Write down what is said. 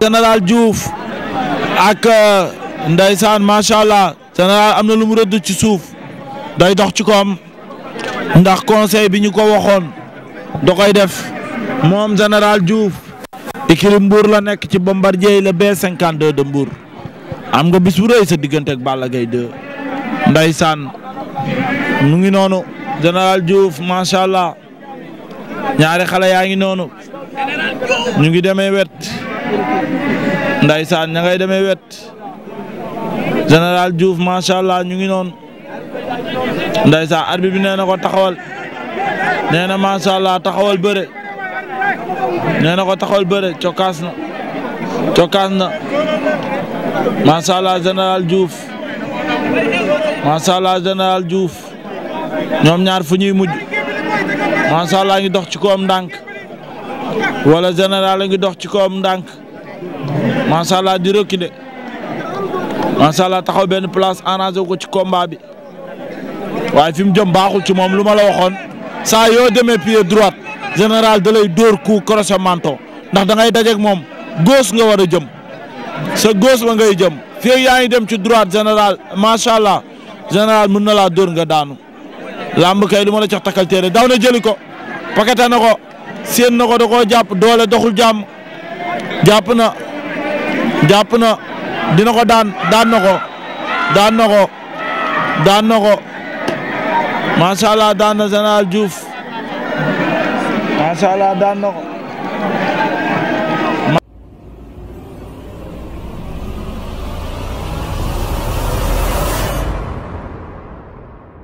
général Diouf ak euh, Ndeysaan macha allah général am na lu mu ci suuf day dox ci koom ndax conseil bi ñu ko waxoon da koy def moom général Diouf. ikiri Mbour la nekk ci Bombardier le B52 de Mbour am nga bis bu sa digganteek Balla Gaye 2 Ndeysaan mu ngi noonu général Diouf macha allah ñaari xale yaa ngi noonu ñu ngi deme wet. ndaysaan ña ngay demee wet général Diouf macha allah ñu ngi noon ndaysaan arbitre bi nee na ko taxawal nee na macha allah taxawal bëre nee na ko taxawal bëre cokkaas na cokkaas na macha allah général Diouf macha allah général Diouf ñoom ñaar fu ñuy mujj macha allah ngi dox ci koom ndànk wala général a ngi dox ci koom ndànk. macha allah di rëkk de macha allah taxaw benn place arrangé ko ci combat bi waaye fi mu jëm baaxul ci moom lu ma la waxoon saa yoo demee pied droite général da lay dóor coup crochet ndax da ngay moom gauche nga war a jëm sa gauche ba ngay jëm fii yaa ngi dem ci droite général macha allah général mën na la dóor nga daanu. làmb kay lu ma la jox takkal téere na jëli ko paqueté na ko na ko da koo jàpp doole doxul jàmm. jàpp na jàpp na dina ko daan daan na ko daan na ko daan macha allah daan na Général Diouf macha allah daan na ko.